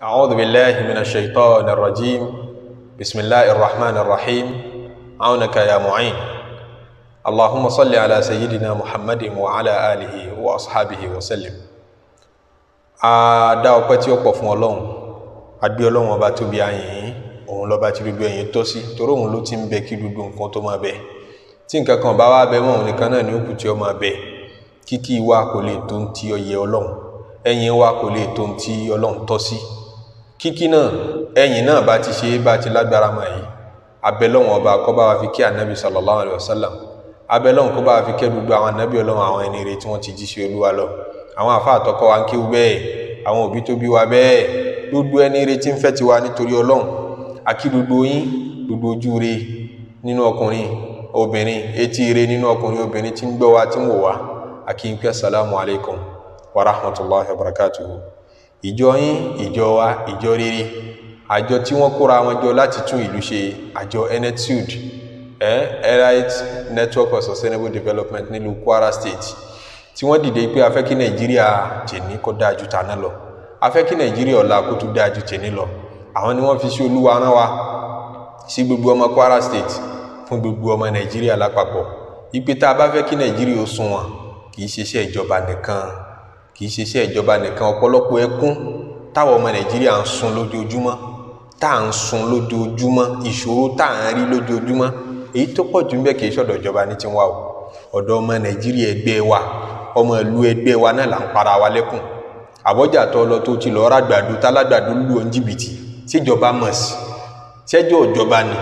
أعوذ بالله من الشيطان الرجيم بسم الله الرحمن الرحيم عونك يا معين اللهم صل على سيدنا محمد وعلى آله وأصحابه وسلم a dá ọpẹ́ tí ó pọ̀ fún Ọlọ́run a gbé Ọlọ́run ọba tóbi ayìn òun lọba tí gbogbo ẹ̀yin tọ́ sí torí òun ló ti ń bẹ kí gbogbo nǹkan tó máa bẹ tí nǹkan kan bá wá bẹ mọ́ òun nìkan náà ni ó kù tí ó máa bẹ wa kò lè tó ń ti ọyẹ Ọlọ́run ẹ̀yìn wa kò lè tó ń ti Ọlọ́run tọ́ Si kíkí náà ẹ̀yìn náà bá ti ṣe é bá ti lágbára mọ̀ yìí abẹ́lọ́wọ̀n ọba kó bá wa fi kí ànábì sallallahu alaihi wasallam abẹ́lọ́wọ̀n kó bá wa fi kẹ́ gbogbo àwọn ànábì ọlọ́wọ̀n àwọn ẹni rẹ̀ tí wọ́n ti jí sí olúwa lọ àwọn àfa àtọkọ wa ń kí bẹ́ẹ̀ àwọn òbí tó bí wa bẹ́ẹ̀ gbogbo ẹni rẹ̀ tí ń fẹ́ ti wa nítorí ọlọ́run àkí gbogbo yín gbogbo ojú rẹ̀ nínú ọkùnrin obìnrin etí rẹ̀ nínú ọkùnrin obìnrin tí ń gbọ́ wa tí ń wò wá àkí ń pẹ́ salamu alaykum wa rahmatullahi wa barakatuhu ìjọ yín ìjọ wa ìjọ rere àjọ tí wọ́n kóra wọn jọ láti tún ìlú ṣe àjọ enetude eh, elite network of sustainable development nílùú kwara state tí wọ́n dìde pé a fẹ́ kí nàìjíríà tèmi kó dáa ju tàná lọ a fẹ́ kí nàìjíríà ọ̀la kó tún dáa ju tèmi lọ àwọn ni wọ́n fi sí olúwa rán wa sí gbogbo ọmọ kwara state fún gbogbo ọmọ nàìjíríà lápapọ̀ ìpè tá a bá fẹ́ kí nàìjíríà ó sunwọ̀n kì í ṣiṣẹ́ ìjọba nìkan kì í ṣe iṣẹ́ ìjọba nìkan ọ̀pọ̀lọpọ̀ ẹkún táwọn ọmọ nàìjíríà ń sun lójoojúmọ́ tá à ń sun lójoojúmọ́ ìṣòro tá à ń rí lójoojúmọ́ èyí tó pọ̀ jù ń bẹ kì í ṣọ̀dọ̀ ìjọba ní tiwa o ọ̀dọ̀ ọmọ nàìjíríà ẹgbẹ́ wa ọmọ ìlú ẹgbẹ́ wa náà là ń para wa lẹ́kùn àbọ́jà tó lọ tó ti lọ rágbàdo tálágbàdo lù ọ́ jìbìtì síjọba mọ̀ sí ṣẹ́jọ́ ìjọba ni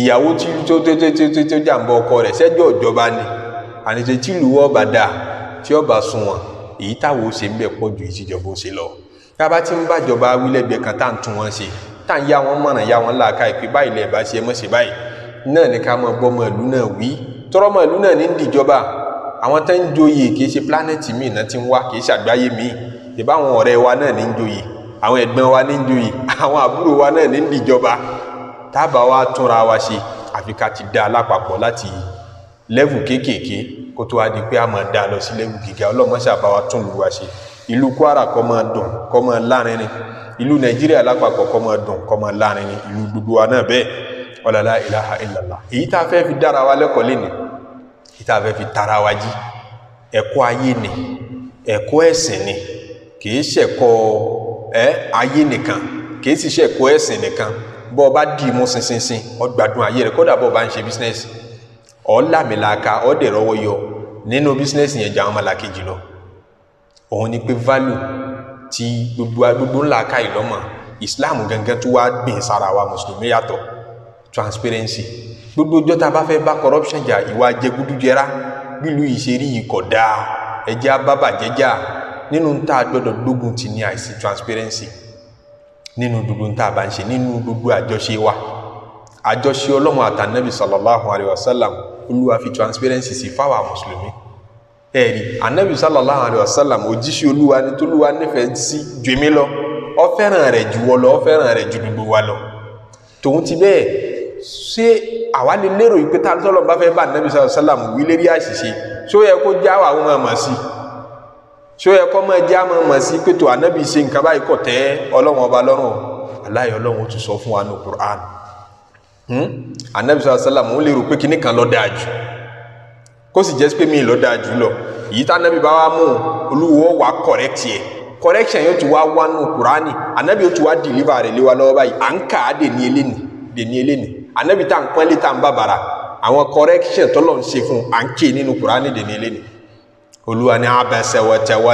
ìyàwó tí tó tó tó tó jàǹbá ọkọ rẹ̀ ṣẹ́jọ́ ìjọba ni àníṣe tí ìlú ọba dà tí ọba sunwọ̀n èyí táwo ṣe ń bẹ̀ pọ̀ ju ìṣèjọba ṣe lọ tá a bá ti ń kan tá à tún wọn ṣe tá à yá wọn mọ̀ràn yá wọn láàka ìpè báyìí lẹ̀ bá ṣe mọ̀ báyìí náà ní ká mọ̀ gbọ́ mọ̀lú náà wí tọ́rọ́ mọ̀lú náà ní ń àwọn tó ń joyè kì í ṣe pílánẹ̀tì míì náà ti ń wá kì í ṣàgbáyé míì ìbáwọn ọ̀rẹ́ wa náà ní joyè àwọn ẹ̀gbọ́n wa ní joyè àwọn àbúrò wa náà ní ń tábà wa túnra wa ṣe àfi ká ti dá a láti lẹ́vù kéékèèké kó tó wá di pé a máa dá a lọ sí lẹ́wù gíga ọlọ́mọṣà bá wa tún lùwà ṣe ìlú Kwara kó máa dùn kó máa lárinrin ìlú Nàìjíríà lápapọ̀ kó máa dùn kó máa lárinrin ìlú gbogbo wa náà bẹ́ẹ̀ ọ̀làlá ìlàhà ìlàlá èyí tá a fẹ́ fi dára wa lẹ́kọ̀ọ́ lẹ́nìí èyí tá a fẹ́ fi tara wa jí ẹ̀kọ́ ayé ni ẹ̀kọ́ ẹ̀sìn ni kìí ṣẹ̀kọ́ ẹ ayé nìkan kìí sì ṣẹ̀kọ́ ẹ̀sìn nìkan bọ́ ọ bá dì í mú sinsinsin ó ayé rẹ̀ kódà bọ́ ọ bá ń ṣe bísínẹ́sì ọ làmìlàaka ọ dẹ̀ rọwọ́ yọ nínú bísínẹ́sì yẹn jà àwọn malakeji òun ni pé value ti gbogbo gbogbo ńlá ká ìlọ́mọ Islam gangan tó wá gbìn sára wa mùsùlùmí yàtọ̀ transparency gbogbo ọjọ́ tá a bá fẹ́ bá corruption jà ìwà jẹgúdújẹrá gbílù ìṣerí yìí kọ̀ dáa ẹjẹ́ abábàjẹ́jà nínú tá a gbọ́dọ̀ gbógun ti ní àìsí transparency nínú gbogbo tá a bá ń ṣe nínú gbogbo àjọṣe wa àjọṣe ọlọ́run àtànẹ́bí sallallahu alayhi wa sallam olúwa fi transparency sí fáwọn mùsùlùmí ẹ̀rí anabi sallallahu alayhi wa sallam òjíṣẹ́ olúwa ni tolúwa nífẹ̀ẹ́ sí ju èmi lọ ó fẹ́ràn rẹ̀ jù wọ́ lọ ó fẹ́ràn rẹ̀ ju gbogbo wa lọ tòun ti bẹ́ẹ̀ ṣé àwa lè lérò ìpè tá a tọ́lọ̀ bá fẹ́ bá anabi sallallahu alayhi wa sallam wí lérí àṣìṣe ṣó yẹ kó já àwọn ọmọ ọmọ sí ṣó yẹ kó máa já àwọn ọmọ sí pé tó anabi ṣe nǹkan báyìí kò tẹ́ ọlọ́run ọba lọ́rùn aláyọ̀ ọlọ́run ó tún sọ fún wa ní Qur'an anabi sọ asálà mò ń lè rò pé kíní kan lọ dáa jù kó sì jẹ́ pé mi lọ dáa jù lọ èyí tá anabi bá wá mú olúwo wà correct yẹ correction yóò ti wá wá nù kúránì anabi yóò ti wá deliver rẹ̀ wa lọ́wọ́ báyìí à ń kà á dè ní eléni anabi tá à ń pọ́nlé tá à ń bàbàrà àwọn correction tọ́lọ̀ ń ṣe fún à ń ké nínú kúránì dè ní eléni olúwa ní abẹ́sẹ̀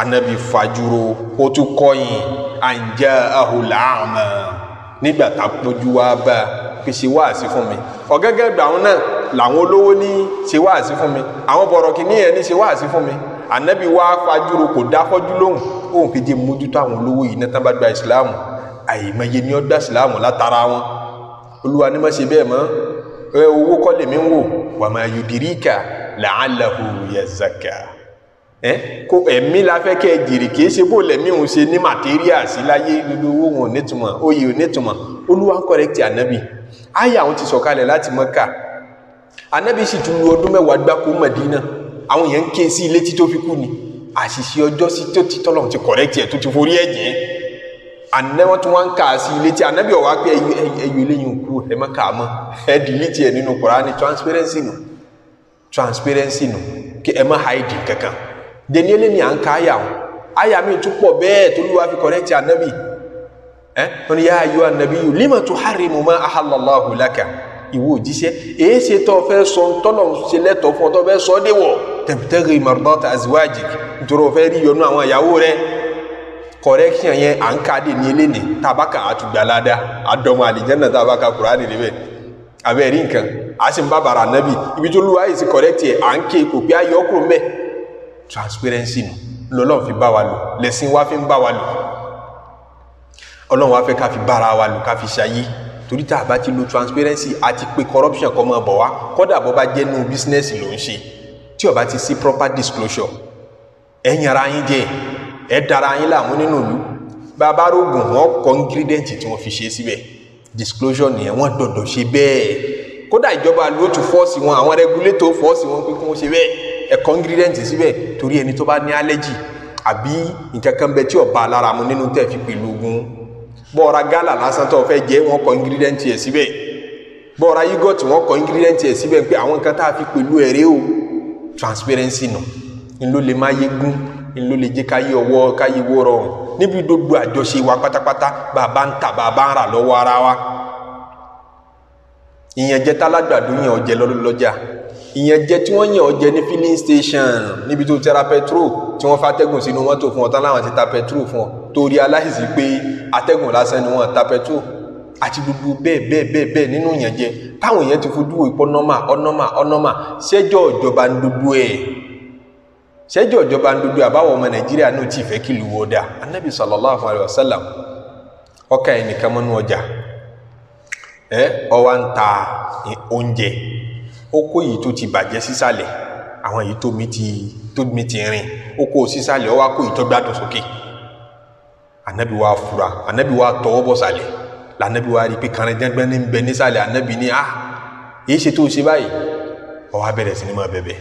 anabi fajuro o tu kọ́yìn anja ahùlá àmọ́ nígbà tá a pójú wá bá a pé ṣe wáàsí fún mi ọ̀gẹ́gẹ́ gbà àwọn náà làwọn olówó ní ṣe wáàsí fún mi àwọn bọ̀rọ̀ kìíní yẹn ní ṣe wáàsí fún mi ànábì wá fajúro kò dáfọ́jú lóhùn òun kéde mójútó àwọn olówó yìí náà tán bá gba ìsìláàmù àyèmọye ni ó gba ìsìláàmù látara wọn olúwa ní má ṣe bẹ́ẹ̀ mọ́ owó kọ́ lèmi ń wò wàmọ̀ yudrika la'allahu yazakka ẹ kó ẹ̀mí la fẹ́ kẹ́ jìrì kìí ṣe bó lẹ̀mí òun ṣe ní màtíríà sí láyé gbogbo owó wọn ò nítumọ̀ oyè ò nítumọ̀ olúwa ń kọ́rẹ́kìtì ànábì ayé àwọn ti sọ̀kalẹ̀ láti Mọ́kà ànábì sì tún lu ọdún mẹ́wàá gbáko Mẹdínà àwọn èèyàn ń ké sí ilé tí tó fi kú ni àṣìṣe ọjọ́ sí tó ti tọ́lọ̀ ti kọ̀rẹ́kìtì ẹ̀ tó ti forí ẹ̀ jẹ́ àná wọn tún wá ń kà á sí ilé tí ànábì ọ̀wá pé ẹyọ eléyìí kú ẹ má kà á mọ́ ẹ dìlítì ẹ̀ nínú Kùránì transparency nù transparency nù kí ẹ má hide kankan dẹni ni à ń ka àyà o àyà mi tún pọ̀ bẹ́ẹ̀ tó lùwà fi kọ̀nẹ́tì ànábì ẹ wọn ni yà á yọ ànábì yìí lima tuharrimu ma ahallallahu laka ìwọ òjíṣẹ́ èyí ṣe tó fẹ́ sọ tọ́nà ṣe lẹ́tọ̀ọ́ fún ọ tó sọ ọ́ déwọ̀ tabtaghi mardata azwajik nítorí o fẹ́ rí yọnu àwọn ìyàwó rẹ correction yẹn à ń ka dè ní eléni tabaka àtùgbàládà àdọ́mọ àlìjẹ́nà tabaka kùránì níbẹ̀ abẹ́rẹ́ nǹkan a sì ń bá bàrà nábì ibi tó lù wáyé sí correct yẹ à kò pé ayọ́kùnrin bẹ́ẹ̀ transparency nù lọ́lọ́run fi bá wa lò lẹ́sìn wa fi ń bá wa lò ọlọ́run wa fẹ́ ká fi bára wa lò ká fi ṣayé torí tá a bá ti lo transparency àti pé corruption kọ́ mọ́ bọ̀ wá kọ́dà bó bá jẹ́ nú bísínẹ́sì ló ń ṣe tí ó ti sí proper disclosure ẹ̀yin ara yín jẹ́ ẹ dára yín láàmú nínú ìlú bàbá rògùn wọn kọ ingredient tí wọn fi ṣe síbẹ̀ disclosure nìyẹn wọn dọ̀dọ̀ ṣe bẹ́ẹ̀ kódà ìjọba ló tún fọ́ọ̀sì wọn àwọn regulator fọ́ọ̀sì wọn pé kí wọ́n ṣe bẹ́ẹ̀ ẹ̀kọ́ ingredient síbẹ̀ torí ẹni tó bá ní allergy àbí nǹkan kan bẹ tí ò bá lára mu nínú tẹ̀ fi pẹ̀lú ogun bọ́ọ̀ra gálà lásán tó fẹ́ jẹ́ wọn kọ ingredient yẹ síbẹ̀ bọ́ọ̀ra yogurt wọn kọ ingredient yẹ síbẹ̀ pé àwọn nǹkan tá a fi pẹ̀lú ẹ̀rẹ́ o transparency nù ńlọ lè má yé gún ńlọ lè jẹ́ káyé ọwọ́ káyé wó rọrùn níbi gbogbo àjọṣe wa pátápátá bàbá ń tà bàbá ń rà lọ́wọ́ ara wa ìyẹn jẹ́ tálágbàdo yẹn ọ̀jẹ̀ ìyẹn jẹ tí wọ́n yàn ọ́ jẹ ní filling station níbi tó tẹra petrol tí wọ́n fàtẹ́gùn sínú mọ́tò fún ọ tán láwọn ti ta petrol fún ọ torí aláìsí pé atẹ́gùn lásán ni wọ́n ta petrol àti gbogbo bẹ́ẹ̀ bẹ́ẹ̀ bẹ́ẹ̀ bẹ́ẹ̀ nínú ìyẹn jẹ táwọn èèyàn ti fojú ìpọ́ nọ́mà ọ́nọ́mà ọ́nọ́mà ṣẹ́jọ́ ìjọba ń gbogbo ẹ̀ ṣẹ́jọ́ ìjọba ń gbogbo àbáwọ̀ ọmọ nàìjíríà náà ti fẹ́ kí ìlú wọ́ dà anábì sallallahu alaihi wasallam ọkà ẹnìkan mọ́nú ọjà ẹ ọwá ń ta oúnjẹ oko yìí tó ti bàjẹ́ sísàlẹ̀ àwọn yìí tómi ti tómi ti rìn oko sísàlẹ̀ ọwọ́ akó yìí tó gbádùn sókè anabi wa fura anabi wa tọwọ́ bọ̀ sàlẹ̀ lànàbí wa rí i pé kàrin dẹ́gbẹ́ ní bẹ nísàlẹ̀ anabi ní a ah, èyí ṣe tó ṣe báyìí ó wá bẹ̀rẹ̀ sí ni máa bẹ̀bẹ̀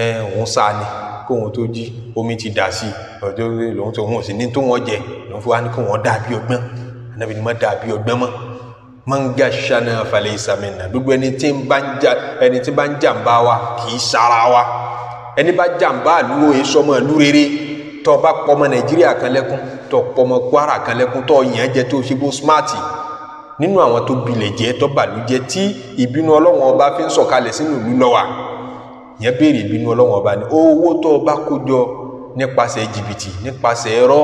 ẹ òun sá ni kó òun tó jí omi ti dà sí ọjọ́ lòun tó òun sì ní tó wọn jẹ lòun fún wa ní kó wọn dà bí ọgbọ́n anabi ni má dà bí ọgbọ́n mọ́ mangashana falisa minna gbogbo ẹni tí ń bá ń jà ẹni tí bá ń jàǹbá wa kì í sara wa ẹni bá jàǹbá àlúwo yìí sọmọ ìlú rere tó bá pọmọ nàìjíríà kan lẹ́kún tó pọmọ kwara kan lẹ́kún tó yàn jẹ tó ṣe bó smarti nínú àwọn tó bilẹ̀ jẹ́ tó bàlújẹ́ tí ìbínú ọlọ́wọ́n ọba fi ń sọ̀kalẹ̀ sínú ìlú lọ́wà yẹn béèrè ìbínú ọlọ́wọ́n ọba ni owó tó bá kó jọ nípasẹ̀ jìbìtì nípasẹ̀ ẹ̀rọ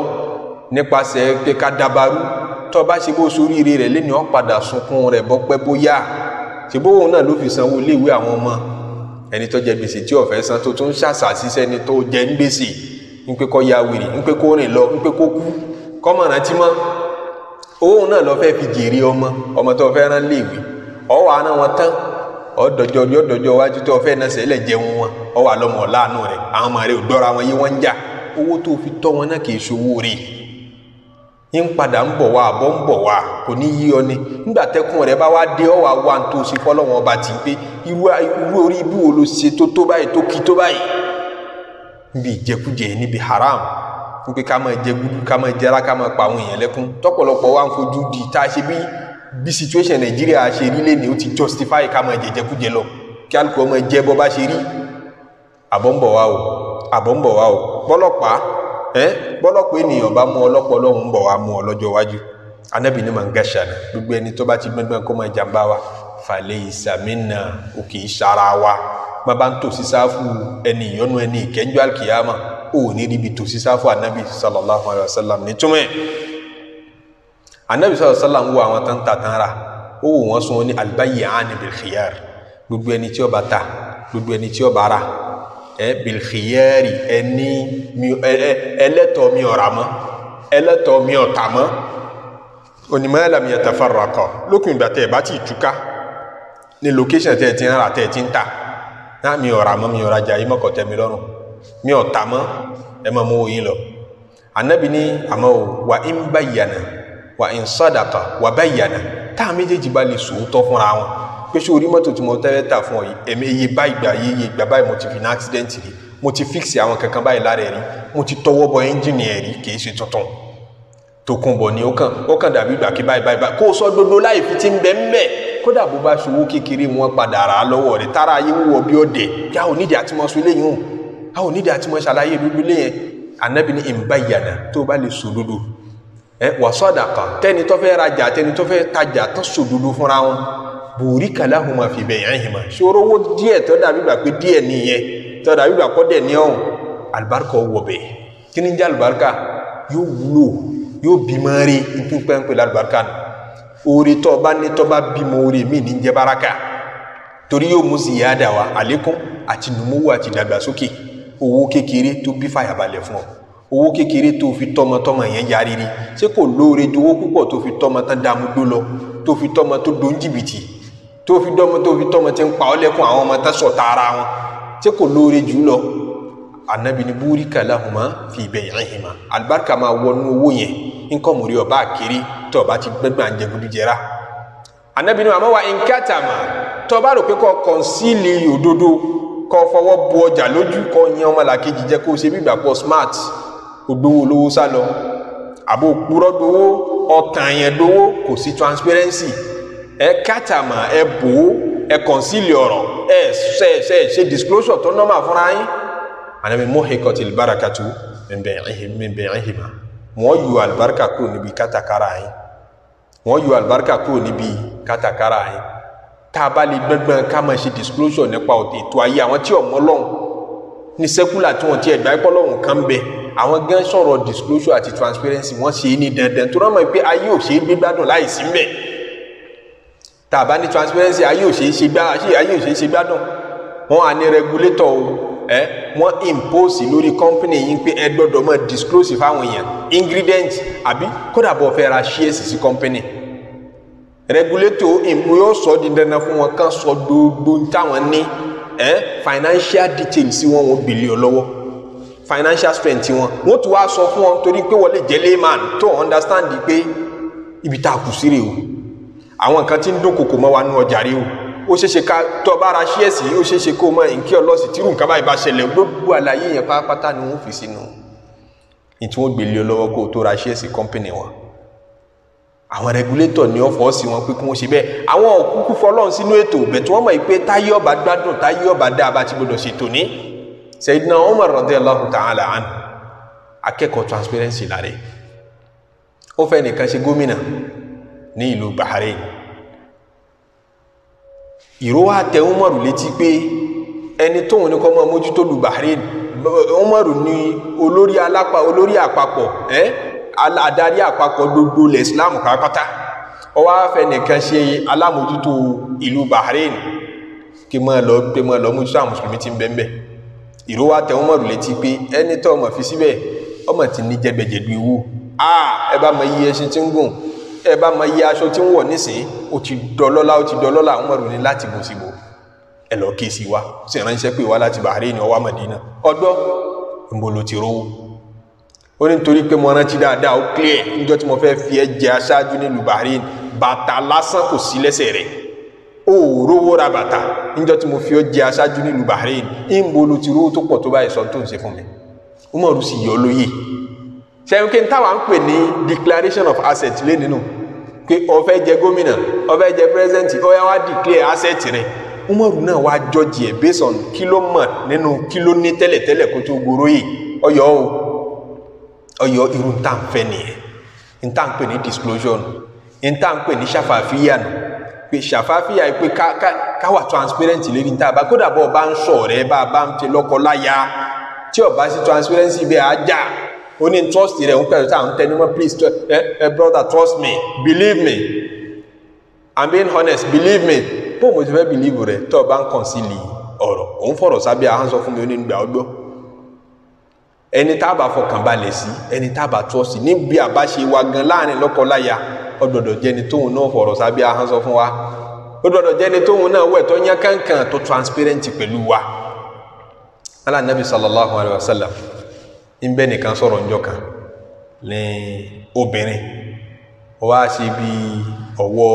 nípasẹ̀ pé dabarú tó bá ṣe bó soríire rẹ̀ lẹ́ni ọ́ padà sunkún rẹ̀ bọ́pẹ́ bóyá ṣe bóun náà ló fi sanwó iléèwé àwọn ọmọ ẹni tó jẹ gbèsè tí ọ̀fẹ́ san tó tún ṣàṣà síṣẹ́ ni tó jẹ gbèsè ń ya wèrè ń pé kó rìn lọ ń pé kó kú kọ́mọ̀ rántí mọ́ owó náà lọ fẹ́ fi jèrè ọmọ ọmọ tó fẹ́ rán ọwọ́ wọn tán ọdọjọ tó fẹ́ náà sẹ́lẹ̀ jẹun wọn ọwọ́ rẹ̀ àwọn ọmọ rẹ̀ ò fi tọ́ wọn náà ń padà ń bọ̀ wá àbọ̀ ń bọ̀ wá kò ní yí ọ ni nígbà tẹ́kùn rẹ bá wá dé ọ wá wá tó ṣe fọlọ́wọ́n ọba tì í pé irú orí ibú wo ló ṣe tó tó báyìí tó kí tó báyìí níbi ìjẹkújẹ níbi haram wípé ká máa jẹ gúdú ká máa jẹrá ká máa pa àwọn èèyàn lẹ́kún tọ́pọ̀lọpọ̀ wa ń fojú di tá a ṣe bí bí situation nàìjíríà ṣe rí lé ní ó ti justify ká máa jẹ jẹkújẹ lọ kí alukó máa jẹ bọ́ bá ṣe rí àbọ̀ ń bọ̀ wá o àbọ̀ ń bọ̀ wá o bọ́lọ́pàá ẹ́ bọ́lọ́pọ̀ ènìyàn bá mú ọlọ́pọ̀ ọlọ́run ń bọ̀ wá mú ọ lọ́jọ́ iwájú anábì ní màǹgáṣà ni gbogbo ẹni tó bá ti gbẹ́ngbẹ́n kó máa jàǹbá wa fàlẹ́ ìsàmínà ò kì í ṣara wa má bá ń tò sí sáfù ẹni ìyọnu ẹni ìkẹ́njọ́ àkìyàmà ò ní ríbi tò sí sáfù anábì sallallahu alayhi wa sallam nítumẹ̀ anábì sallallahu wo àwọn tán ẹ bilkiyari ẹni ẹlẹ́tọ̀ mi ọ̀rà mọ́ ẹlẹ́tọ̀ mi ọ̀tà mọ́ onímọ̀ ẹlẹ́mi ẹ̀tẹ̀fọ̀rọ̀kọ̀ lókùn ìgbà tẹ̀ bá ti túká ní location tẹ̀ ti ń rà tẹ̀ ti ń ta náà mi ọ̀rà mọ́ mi ọ̀rà jà yìí mọ́kọ̀ tẹ̀ mi lọ́rùn mi ọ̀tà mọ́ ẹ mọ́ mú oyin lọ anabi ni àmọ́ o wà ń báyànà wà ń sàdàkà wà báyànà táà méjèèjì bá lè sòótọ́ fúnra wọn pé ṣé orí mọ́tò tí mo tẹ́lẹ̀ tà fún ọ yìí ẹ̀mí iye báyìí gbà yìí iye ìgbà báyìí mo ti fi ní accident rí mo ti fix àwọn kankan báyìí lára ẹ̀ rí mo ti tọwọ́ bọ ẹ́ńjìnì ẹ̀ rí kì í ṣe tuntun Tòkunbọ̀ ni ó kàn ó kàn dàbí ìgbà kí báyìí báyìí kó o sọ gbogbo láì fi ti ń bẹ ń bẹ kódà bó bá ṣòwò kékeré wọn padà rà á lọ́wọ́ rẹ̀ tára ayé ń bí ọ̀dẹ̀ yà ò ní ẹ wàsọdàkà tẹni tó fẹ́ rajà tẹni tó fẹ́ tajà tó sòdodo fúnra wọn bùrí kàláhùnmá fi bẹyàn hìmá ṣòro wo díẹ̀ tó dàbí gbà pé díẹ̀ nìyẹn tó dàbí gbà kọ́ dẹ̀ níyàn alibarika wọ bẹ́ẹ̀ kí ni jẹ́ alibarika yóò wúlò yóò bímọ rí nítorí pẹ́ńpẹ́ alibarika nù oore tó bá ní tó bá bímọ oore mí ní jẹ́ baraka torí yóò mú ziyada wa àlékún àti numuwu àti ìdàgbàsókè owó kékeré tó bí fàyàbalẹ̀ fún ọ owó kékeré tó fi tọmọtọmọ yẹn yariri ṣé kò lóore ju owó púpọ̀ tó fi tọmọ tán dààmú gbó lọ tó fi tọmọ tó dó ń jìbìtì tó fi dọmọ tó fi tọmọ tí ń pa ọ́ lẹ́kùn àwọn ọmọ tán sọ̀tà ara wọn ṣé kò lóore jù lọ anabi ni burika lahuma fi bay'ihima alibarika máa wọnú owó yẹn nǹkan mòrí ọba àkèrè tó ọba ti gbẹgbẹ àjẹgúdújẹra anabi ni àmọ́ wa nkátàmà tó ọba rò pé kọ́ kọ́nsíìlì òdodo kọ́ fọwọ́ bu ọjà lójú kọ́ yan ọmọlàkejì jẹ́ kó o ṣe bí ìgbà smart gbowó olówó sá lọ àbò purọ́ gbowó ọ̀tàn yẹn dowó kò sí transparency ẹ kàtàmà ẹ bò ó ẹ kọ̀nsílì ọ̀rọ̀ ẹ ṣe ṣe ṣe disclosure tó nọ́mà fúnra yín ànàmì mọ́hìkọ́ ti barakatu mẹ́bẹ̀ẹ́hìmá wọ́n yọ àlùbáríkà kúrò níbi kátàkárà yín wọ́n yọ àlùbáríkà kúrò níbi kátàkárà yín tá a bá lè gbẹ́gbẹ́ ká máa ṣe disclosure nípa ètò ayé àwọn tí ọ̀mọ́ lọ́hùn ní sẹ́kúlà tí wọ́n ti ẹ̀gbá ìpọ́lọ́hùn kan ń bẹ àwọn gan sọ̀rọ̀ disclosure àti transparency wọ́n ṣe é ní dandan tó rán mọ́ pé ayé ò ṣe é gbé gbádùn láì sí mbẹ̀ tá a bá ní transparency ayé ò ṣe é ṣe gbá ayé ò ṣe é ṣe gbádùn wọ́n á ní regulator o ẹ wọ́n impose lórí company yìí pé ẹ gbọ́dọ̀ mọ́ disclose fáwọn èèyàn ingredient àbí kódà bọ̀ fẹ́ ra shares sí company regulator yóò sọ di dandan fún wọn kán sọ gbogbo táwọn ní eh, financial details. sí wọn wọn gbèlè ọ lọ́wọ́ financial strength wọn wọn tún wá sọ fún wọn torí pé wọ́n lè jẹ́ tó understand pé ibi tá a kù sí rè o àwọn nǹkan tí ń dún kòkò mọ́ wa nú ọjà rè o ó ṣeéṣe ká tọ́ bá ra ṣíẹ̀sì ó ṣeéṣe kó o mọ nǹkí ọlọ́sì tírù nǹkan báyìí bá ṣẹlẹ̀ gbogbo àlàyé yẹn pátápátá ni wọ́n fi sínú ìtí wọ́n gbèlè ọ kó o tó ra ṣíẹ̀sì company wọn àwọn rẹgulétọ̀ ní ọ̀fọ̀ sí wọn pé kí wọ́n ṣe bẹ́ẹ̀ àwọn òkúkú fọlọ́run sínú ètò bẹ̀tù wọ́n mọ̀ pé táyé ọba gbádùn táyé ọba dá a bá ti gbọdọ̀ ṣètò ní. Sayyidina Umar radiyallahu ta'ala anhu akẹ́kọ̀ọ́ transparency láre ó fẹ́ nìkan ṣe gómìnà ní ìlú Bahrain ìró wa tẹ Umar létí pé ẹni tóun ní kọ́ mọ́ mójútó lu Bahrain Umar ní olórí alápá olórí àpapọ̀ ẹ́ eh? adarí àpapọ̀ gbogbo ilẹ̀ islam pàápàá ó wá fẹnìkan ṣe alámòjútó ìlú bahrain kí mọ́ lọ pé mọ́ lọ ti ń iro wa tẹ̀ wọ́n mọ̀ létí pé ẹni ọmọ fi síbẹ̀ ọmọ ti ní jẹgbẹjẹgbẹ owó ẹ bá mọ iye ẹṣin tí ń gùn mọ iye aṣọ ti dọlọ́lá ó ti dọlọ́lá àwọn láti síbò ẹ lọ kí sí wa sì bahrain ó ní torí pé mo rántí dáadáa ó clear níjọ́ tí mo fẹ́ fi ẹ́ jẹ aṣáájú nílùú bahrain bàtà lásán kò sí lẹ́sẹ̀ rẹ̀ ó rówó ra bàtà níjọ́ tí mo fi ọ́ jẹ aṣáájú nílùú bahrain ìmọ̀ ló ti rówó tó pọ̀ tó báyìí sọ tó ń ṣe fún mi umaru sì yọ lóye ṣẹ́yìn kí n táwa ń pè ní declaration of asset lé nínú pé ó fẹ́ jẹ gómìnà ó fẹ́ jẹ president ó yá wá declare asset rẹ̀ umaru náà wá jọjì ẹ̀ based on kí ló mọ̀ nínú kí ló ní tẹ́lẹ̀tẹ́lẹ̀ kó tó gbòòrò yìí ọyọ́ o ọyọ irú ntá ń fẹ́ nìyẹn ntá ń pè ní disclosure nù ntá ń pè ní ṣàfàfíà nù pé ṣàfàfíà pé ká wà transparent lórí ntá bá kódà bọ́ ọba ń ṣọ̀rẹ́ bá a bá ń fi lọ́kọ láya tí ọba sí transparency bẹ́ẹ̀ á jà ó ní trust rẹ̀ ń pẹ̀lú tá à ń tẹnu mọ́ please eh, eh, brother trust me believe me i'm being honest believe me bó mo ti fẹ́ believe rẹ̀ tí ọba ń kàn sí lì ọ̀rọ̀ òun fọ̀rọ̀ sábẹ́ àhánsọ fún mi ó ní gbà ọgbọ́n. ẹni tá a bá fọkàn balẹ̀ sí ẹni tá a bá tọ́ sí níbi àbáṣe wa gan láàrin lọ́kọláya ó gbọ́dọ̀ jẹni tóun náà fọ̀rọ̀ sábẹ́ ahọ́n sọ fún wa ó gbọ́dọ̀ jẹni tóun náà wẹ̀ tó yán kankan tó transparent pẹ̀lú wa. ala nabi sallallahu alayhi wa sallam ń bẹ́ nìkan sọ̀rọ̀ njọ́ kan ní obìnrin wa ṣe bí ọwọ́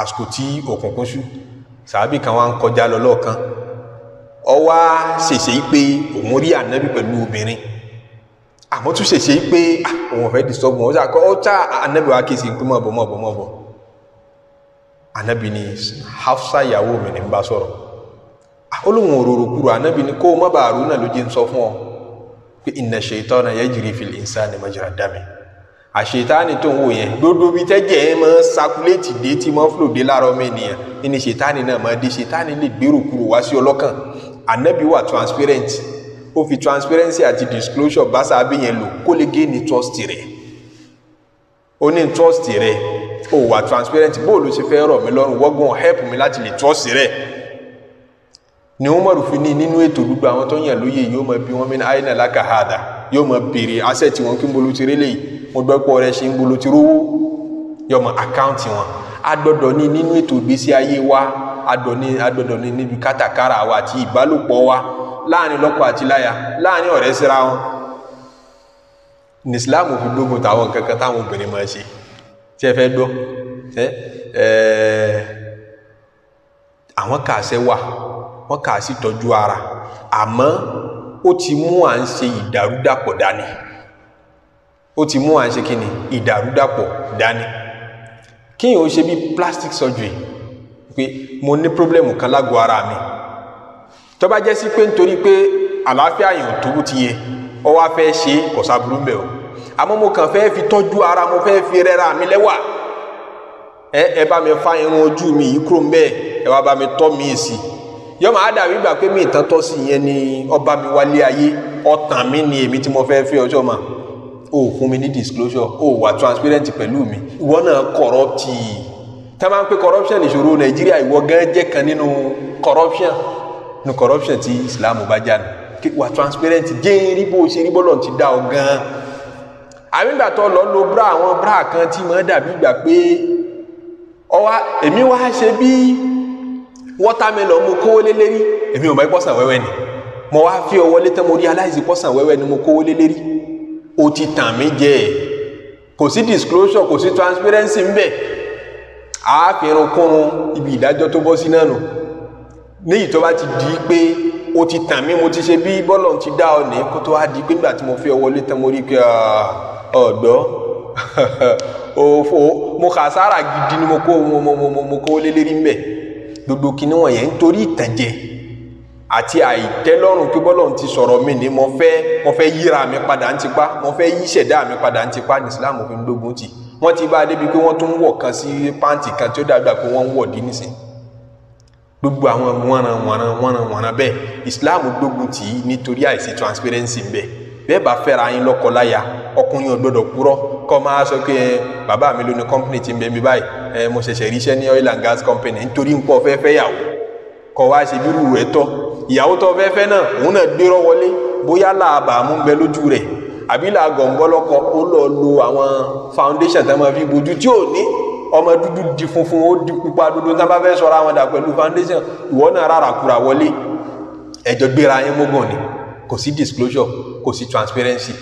àsìkò tí òkùnkùn ṣú sàábì kan wá ń kọjá lọ lọ́ọ̀kan ọwá ṣèṣe pé òun rí ànábì pẹ̀lú obìnrin àmọ́ tún ṣèṣe pé ah, òun fẹ́ disturb wọn ṣàkọ́ ọ́tà ànábì wa kìí sí pé mọ̀ bọ̀ mọ̀ bọ̀ mọ̀ bọ̀ ànábì ni Hafsa ìyàwó mi ní bá sọ̀rọ̀ olóhùn ah, òróró kúrò ànábì ni kó o má bàa rú náà ló jẹ́ ń sọ fún ọ pé inna shaytana yajri fil insani majra dami àṣetáni tó ń wò yẹn gbogbo bíi tẹ́jẹ̀ ẹ máa sakuléètì dé tí máa fòlòdé láàárọ̀ ọmọ ènìyàn ẹni ṣètáni náà máa dé ṣètáni lè gbèrò kúrò wá sí ọlọ́kàn anabi wà transparent ó fi transparency àti disclosure bá sábẹ́ yẹn lò kó lè gain ní trust rẹ̀ ó ní trust rẹ̀ ó wà transparent bó ló ṣe fẹ́ rọ̀ mí lọ́rùn wọ́gbọ̀n help mi láti lè trust rẹ̀ ni Umaru fi ní nínú ètò gbogbo àwọn tó yàn lóye yóò máa bi wọn mi ní àyìnà lákàhádà yóò máa béèrè asẹ́ẹ̀tì wọn kí n bolo ti rélé yìí mo gbẹ́ pọ̀ rẹ̀ ṣe ń bolo ti rówó yọmọ àkáǹtì wọn a gbọ́dọ̀ ní nínú ètò ìgbésí ayé wa adọ̀ni adọ̀dọ̀ni níbi kátàkárà wa àti ìbálòpọ̀ wa láàrin lọ́kọ àti láya láàrin ọ̀rẹ́ síra wọn ní Islam fi dógùn táwọn kankan táwọn obìnrin máa ṣe tí ẹ fẹ́ gbọ́ ẹ àwọn kàṣẹ wà wọ́n kà sí tọ́jú ara àmọ́ ó ti mú à ń ṣe ìdàrúdàpọ̀ dání ó ti mú à ń ṣe kí ìdàrúdàpọ̀ dání kíyàn ó ṣe bí plastic surgery pé mo ní pírọ́blẹ́mù kan lágọ̀ọ́ ara mi tó bá jẹ́ sí pé nítorí pé àlàáfíà yẹn ò tó bó ti yẹ ọ wá fẹ́ ṣe kò sábúrú mbẹ́ o àmọ́ mo kàn fẹ́ fi tọ́jú ara mo fẹ́ fi rẹ́ra mi lẹ́wà ẹ ẹ bá mi fa irun ojú mi yìí kúrò mbẹ́ ẹ wá bá mi tọ́ mi sí yọ máa dàbí gbà pé mi ìtàn tọ́ sí yẹn ni ọba mi wálé ayé ọ̀tàn mi ni èmi tí mo fẹ́ fi ọjọ́ mà o fún mi ní disclosure o wà transparent pẹ̀lú mi ìwọ náà corrupt yìí tẹ́lẹ̀ máa ń pè corruption ìṣòro nàìjíríà ìwọ gan jẹ́ kan nínú corruption nínú corruption tí islam bá jáde kí wà transparent jẹ́ rí bó ṣe rí bọ́lọ̀ ti dá ọ gan àmìgbà tó lọ lo bra àwọn bra kan tí mọ̀ dàbí ìgbà pé ọwa èmi wá ṣe bí watermelon mo kówó lé lérí èmi ò bá pọ́sàn wẹ́wẹ́ ni mo wá fi ọwọ́ lé tán mo rí aláìsí pọ́sàn wẹ́wẹ́ ni mo kówó lé lérí o ti tàn mí jẹ kò sí disclosure kò sí transparency ń bẹ àáfẹ́rún kúrún ibi ìdájọ́ tó bọ́ sí náà nù léyìí tó bá ti di pé o ti tàn mí mo ti ṣe bí bọ́lọ̀ ti dá ọ ní kó tó wá di pé nígbà tí mo fi ọ wọlé tán mo rí pé ọ̀gbọ́ òfò mo kà sára gidi ni mo kó mo mo mo mo kó lé lérí mbẹ gbogbo kinní wọn yẹn nítorí ìtànjẹ àti àìtẹ́lọ́rùn pé bọ́lọ̀ ti sọ̀rọ̀ mi ni mo fẹ́ mo fẹ́ yíra mi padà ń tipa mo fẹ́ yí ìṣẹ̀dá mi padà ń tipa ní Islam fi ń dógun tì í wọ́n ti bá a débi pé wọ́n tún wọ̀ kan sí pàǹtì kan tí ó dàgbà pé wọ́n ń wọ̀ dín nísìn gbogbo àwọn wọnran wọnran wọnran wọnran bẹ́ẹ̀ Islam gbógun tì í nítorí àìsí transparency ń bẹ bẹ́ẹ̀ bá fẹ́ra yín lọ́kọláya ọkùnrin ò gbọ́dọ̀ purọ́ kó máa sọ pé bàbá mi ló ní company ti ń bẹ mi báyìí mo ṣẹ̀ṣẹ̀ ríṣẹ́ ní oil and gas company nítorí nǹkan ọ̀fẹ́ fẹ́ yàwó kó wá ṣe bírú rẹ̀ tọ́ ìyàwó tó fẹ́ fẹ́ náà òun náà gbérọ́ wọlé bóyá làbàmú ń bẹ lójú rẹ̀ àbí làágọ̀ ń bọ́ lọ́kọ ó lọ lo àwọn foundation tó máa fi bojú tí ò ní ọmọ dúdú di funfun ó di pupa dúdú tó bá fẹ́ sọra wọn dà pẹ̀lú foundation ìwọ náà rárá kura wọlé ẹjọ gbéra yín mógùn ni kò sí disclosure kò sí transparency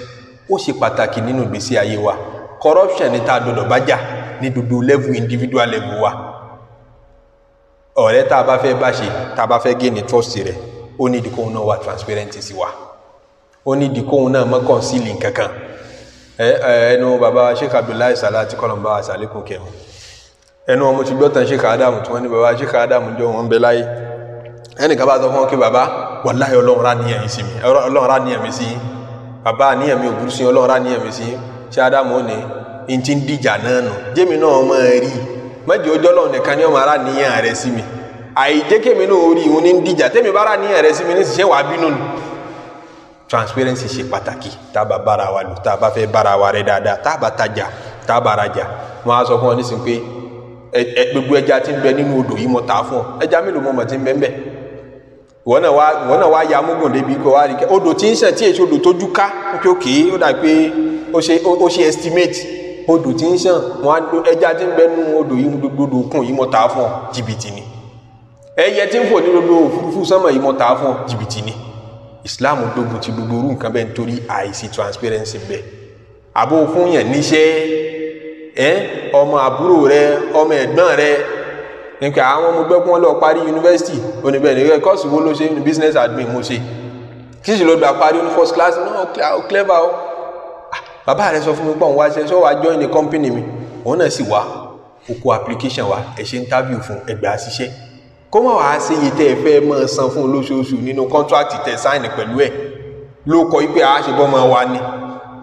ó ṣe pàtàkì nínú ìgbésí ayé wa corruption ní tá a dọ̀dọ̀ bá jà ní gbogbo level individual level wa ọ̀rẹ́ tá a bá fẹ́ bá ṣe tá a bá fẹ́ gain trust rẹ̀ ó ní ìdíkòun náà wà transparency sí wa ó ní dìkóhun náà mọ́kàn sí ìlì kankan ẹnu bàbá sheikh abdullahi salah ti kọlọmbà àsàlékún kẹwọn ẹnu ọmọ ti gbọ́tàn sheikh adam tí wọ́n ní bàbá sheikh adam jọ wọn bẹ láyé ẹnìkan bá sọ fún wọn pé bàbá wàláhì ọlọ́run rá níyàmí sí mi ọlọ́run rá níyàmí sí bàbá níyàmí òbúrú sí ọlọ́run rá níyàmí sí sheikh adam ó ní n ti ń dìjà náà nù jẹ́mi náà mọ̀ ẹ́ rí mẹ́jọ ojú ọlọ́run nìkan ni ọmọ ará níyàn rẹ̀ sí mi àìjẹ́kẹ́mi náà orí òun ní ń dìjà tẹ́mi bá rá níyàn rẹ̀ sí mi ní ṣiṣẹ́ wàá bínú nù transparency ṣe pàtàkì tá a bá bára wa lò tá a bá fẹ́ bára wa rẹ dáadáa tá a bá tajà tá a bá rajà wọn á sọ fún ọ nísìnyí pé gbogbo ẹja tí ń bẹ nínú odò yìí mo tà fún ọ ẹja mélòó mo mọ̀ tí ń bẹ ń bẹ wọ́n náà wá wọ́n náà wá ya amúgùn débi kó wá rí kẹ́ odò tí ń sàn tí èso odò tójú ká kí ó kéé ó dà pé ó ṣe ó ṣe estimate odò tí ń sàn wọn á lo ẹja tí ń bẹ nínú odò yìí gbogbo odò kùn yìí mo tà á fún ọ jìbìtì ni ẹyẹ tí ń fò ní gbogbo òfurufú sánmọ̀ yìí mo tà á fún ọ jìbìtì ni islam dógun ti gbogbo irú nǹkan bẹ́ẹ̀ nítorí àìsí transparency bẹ́ẹ̀ àbò fún yàn níṣẹ́ ẹ ọmọ àbúrò rẹ ọmọ ẹ̀gbọ́n rẹ nípa àwọn ọmọ lo lọ University yunifásitì be rẹ kọ́ọ̀sì wo ló ṣe business admin mo ṣe kí sì ló gba parí ní first class no clever o ah, baba rẹ sọ fún mi pé òun wá ṣe sọ wá join the company mi òun náà sì wá ó application wa ẹ ṣe interview fún ẹgbẹ́ àṣìṣe kó mọ̀ wá sí iye tẹ́ ẹ fẹ́ mọ́ san fún olóṣooṣù nínú kọ́ńtíráàtì tẹ́ sáìnì pẹ̀lú ẹ̀ ló kọ wípé a ṣe bọ́ máa wá ní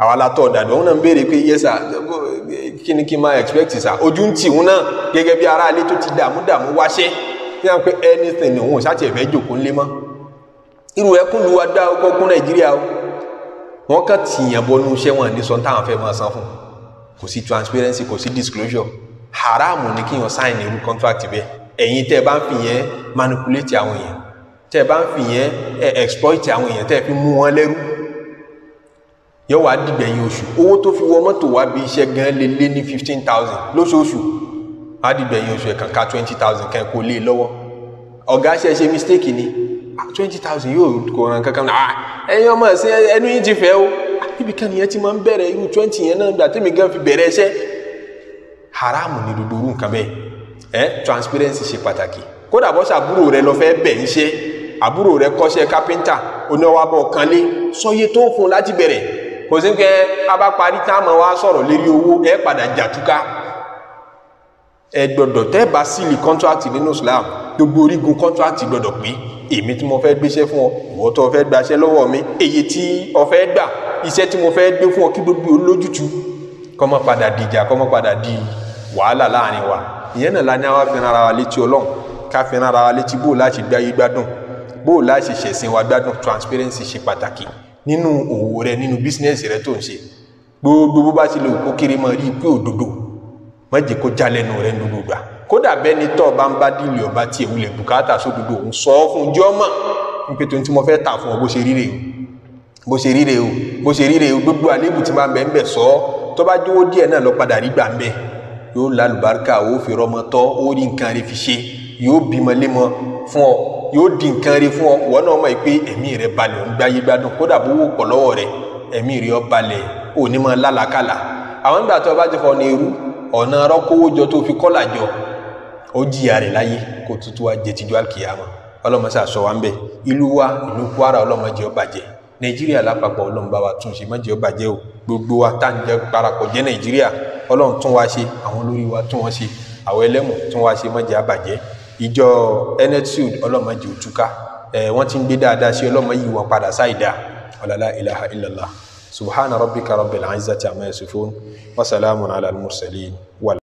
àwa látọ̀ dàdú òun náà ń béèrè pé yẹ́sà kí ni kí n máa expect sà ojú ń tì òun náà gẹ́gẹ́ bí ará ilé tó ti dààmú dààmú wáṣẹ́ kí wọ́n pe anything ni òun ò sáti ẹ̀fẹ́ jòkó ńlé mọ́ irú ẹkùn lu wa dá ọkọ̀ nàìjíríà o wọ́n kàn tìyàn bọ́nú iṣẹ́ wọn ní sọ táwọn fẹ́ máa san fún kò sí transparency kò sí disclosure haram ni kí wọ́n sign irú contract bẹ́ẹ̀ ẹ̀yin tẹ́ ẹ bá ń fi yẹn manipulate àwọn èèyàn tẹ́ ẹ bá ń fi yẹn ẹ exploit àwọn èèyàn tẹ́ fi mú wọn lẹ́rú yóò wá dìgbẹ̀yìn oṣù owó tó fi wọ mọ́tò wá bí iṣẹ́ gan lè lé ní fifteen thousand lóṣooṣù á dìgbẹ̀yìn oṣù ẹ̀kan ká twenty thousand kan kò lè lọ́wọ́ ọ̀gá ṣe ṣe mistake ni ah, twenty thousand yóò kó ran kankan náà ah, ẹ̀yin ọmọ ẹ̀sìn ẹnu yìí ti fẹ́ o ah, níbi kan nìyẹn ti máa ń bẹ̀rẹ̀ irú twenty yẹn náà gbà tẹ́mi gan fi bẹ̀rẹ̀ iṣẹ́ haramu ni gbogbo orú nǹkan bẹ́ẹ̀ ẹ transparency ṣe pàtàkì kódà bọ́sẹ̀ àbúrò rẹ lọ fẹ́ bẹ̀ ń ṣe àbúrò rẹ kọ́ṣẹ́ kápẹ́ńtà oníwàbọ̀ kanlé sọyẹ tó fún láti bẹ̀rẹ̀ kò sí pé a bá parí táwọn wa sọ̀rọ̀ lérí owó ẹ padà jàtúkà ẹ gbọ́dọ̀ tẹ́ bá sílì contract nínú Islam gbogbo orígun contract gbọ́dọ̀ pé èmi tí mo fẹ́ gbéṣẹ́ fún ọ ìwọ tó fẹ́ gbaṣẹ́ lọ́wọ́ mi èyí tí o fẹ́ gbà iṣẹ́ tí mo fẹ́ gbé fún ọ kí gbogbo olójútu kó padà dìjà kó padà di wàhálà láàrin wa ìyẹn náà la ní àwa fẹ́ràn ara wa létí ọlọ́run ká fẹ́ràn ara wa létí bó láti gbé ayé gbádùn bó láti ṣẹ̀sìn wa gbádùn transparency ṣe pàtàkì nínú òwò rẹ nínú bísínẹ́sì rẹ tó ń ṣe gbogbo bó bá ti lè kó kéré mọ́ rí i pé òdodo má jẹ́ kó já lẹ́nu rẹ ní gbogbo gbà kódà bẹ́ni tọ́ ọba ń bá díìlì ọba tí èwú lè bùkátà sódodo òun sọ ọ́ fún jọ́ mọ̀ nípe tó ń tí mo fẹ́ tà fún ọ bó ṣe ríre o bó ṣe ríre o bó ṣe ríre o gbogbo àlébù tí máa ń bẹ̀ ń bẹ̀ sọ ọ́ tó bá dúró díẹ̀ náà lọ padà rí gbà ń bẹ̀ yóò lálùbáríkà ó fi rọmọ tọ́ ó rí nǹkan rẹ fi ṣe yóò bímọ lémọ fún ọ yóò di nǹkan rẹ fún ọ wọn náà mọ̀ pé ẹ̀mí rẹ balẹ̀ ń gbáyé gbádùn kódà bó wò pọ̀ lọ́wọ́ rẹ ẹ̀mí rẹ ọ balẹ̀ ò ní mọ lálàkàlà àwọn ìgbà tó o bá ti fọ ní irú ọ̀nà rọ́kówójọ tó fi kọ́là jọ ó jìyà rẹ̀ láyé kó tuntun wa jẹ tìjú àkìyàmọ́ ọlọ́mọsí àṣọ wa ń bẹ̀ ìlú wa ìlú Kwara ọlọ́mọdé ó Nàìjíríà lápapọ̀ ọlọ́mọba túnṣe mọ́jẹ́ ó o gbogbo wa tá à ń jẹ parapọ̀ jẹ́ nàìjíríà ọlọ́run tún wá ṣe àwọn olórí wa tún wọ́n ṣe àwọn ẹlẹ́mù tún wá ṣe mọ́jà àbàjẹ́ ìjọ enetsud ọlọ́mọdé òtúká ẹ̀ wọ́n ti ń gbé dáadáa sí ọlọ́mọ yìí wọn padà sáìdá ọ̀làlá ilaha illallah subhana rabbika rabbil izzati amma yasifun wa ala al-mursalin wal